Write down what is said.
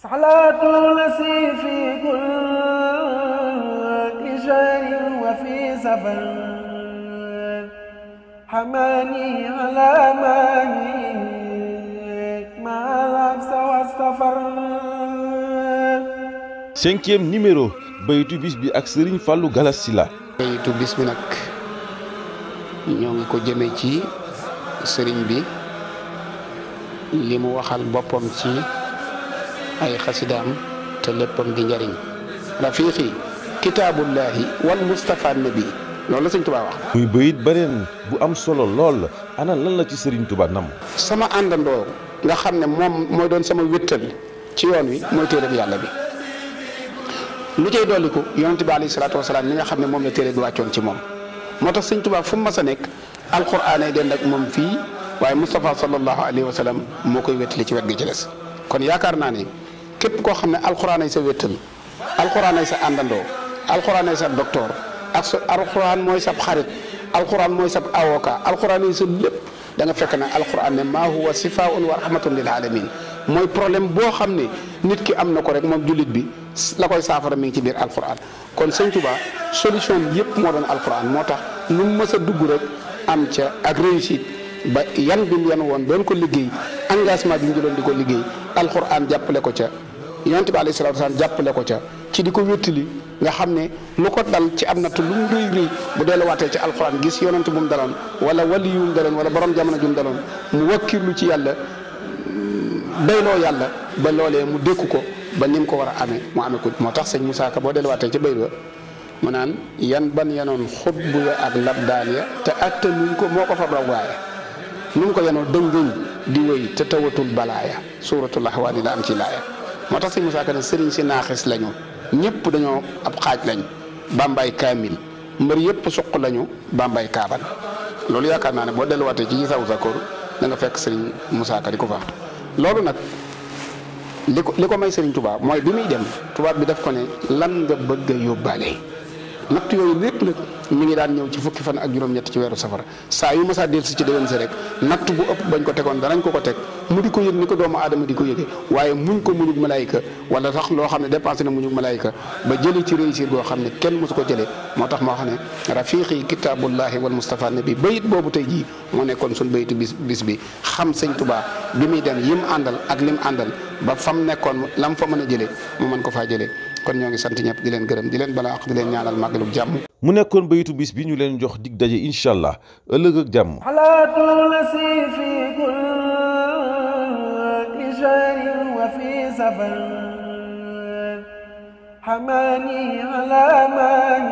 salaatun si fi kulli shay'in wa fi safar hamani alamani ma labsa wa safar numéro baytu bis bi ak Serigne Fallou galasi la baytu bis bi nag ñoo ngi ko jëmee ci sëriñ bi limu waxal boppam ci أي خسدام تلبم léppam di njariñ rafiqi kitaabullahi wal mustafa nabi loolu la sëñ Tuubaa wax. muy bayit beneen bu am solo lool la ana lan la ci sëriñ Tuubaa nga xamne mom moom mooy doon sama wéttal ci yoon wi moy téere bi yàlla bi lu cey dolliku yoonte bi alayhi salatu wassalam li nga xamne mom la téere bi wàccoon ci mom motax seigne touba fu ma sa nek alquran ay dend ak mom fi waye mustafa sallallahu alayhi wasallam sallam moo koy wéttali ci wet gi ci des kon yaakaar naa ne. képp koo xam ne alxuraan ay sa wéttal alxuraan ay sa àndandoo alxuraan ay sa doctor ak sa alxuraan mooy sab xarit alxuraan mooy sa avocat alxuraan ay sa lépp da nga fekk ne alxuraan ne maa huwa sifaun wa rahmatun lil alamin mooy problème boo xam ne nit ki am na ko rek moom jullit bi la koy saafara mi ngi ci biir alxuraan kon sëñ Touba solution bi yëpp moo doon alxuraan moo tax lu mu mës a dugg rek am ca ak réussite ba yan bi mu yan woon doon ko liggéey engagement bi mu jëloon di ko liggéey alxuraan jàppale ko ca. yonent bi alayhi salaatu wasalaam jàppale ko ca ci di ko wéttali nga xam ne lu ko dal ci am na natt lu mu rëy rëy bu delluwaatee ci alxuraan gis yonent bu mu daloon wala wali yu daloon wala borom jamono ju mu daloon mu wakkirlu ci yàlla bayloo yàlla ba loolee mu dékku ko ba ni ko war a amee mu amee ko moo tax sëñ Moussa Ka boo delluwaatee ci baylo mu naan yan ban yanoon xutbu ya ak labdaan ya te attanuñ ko moo ko fa raw waaye nu ko yanoo dëngëñ di te tawatul balaaya suuratul ahwaani la am ci laaya moo tax sëñ Moussa Ka ne sëriñ si naaxis lañu ñëpp dañoo ab xaaj lañ bàmbaay kaamil mbër yëpp suq lañu bàmbaay kaabal loolu yaakaar naa ne boo delluwaatee ci saw sakoor da danga fekk sëriñ Moussa Ka ko fa loolu nag li ko li ko may sëriñ Touba mooy bi muy dem tubaab bi def ko ne lan nga bëgg a yóbbaale. natt yooyu lépp nag mi ngi daan ñëw ci fukki fan ak juróom-ñett ci weeru safara saa yu masaa del si ci déwén si rek natt bu ëpp bañ ko tegoon danañ ko ko teg mu di ko yëg ni ko doomu aadama di ko yëge waaye muñ ko muñug malaayika wala tax loo xam ne dépensé na muñug malaayika ba jëlee ci réussir goo xam ne kenn mosu ko jëlee moo tax moo xam ne rafiqi kitaabullahi wal mustafa nabi bayit boobu tey jii moo nekkoon suñ bayitu bis bis bi xam sëñ tubaa bi muy dem yim àndal ak lim àndal ba fam nekkoon lam fa mën a jëlee mu mën ko faa jëlee kon ñoo ngi sant ñëpp di leen gërëm di leen balaa ak di leen ñaanal màggalu jàmm. mu nekkoon bayitu bis bi ñu leen jox dig daje incha allah ëllëg ak jàmm. حماني على ما